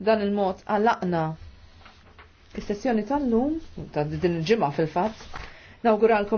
dan il-mod għallaqna is-sessjoni tal-lum, ta' din il-ġimgħa fil-fatt, nawguralkom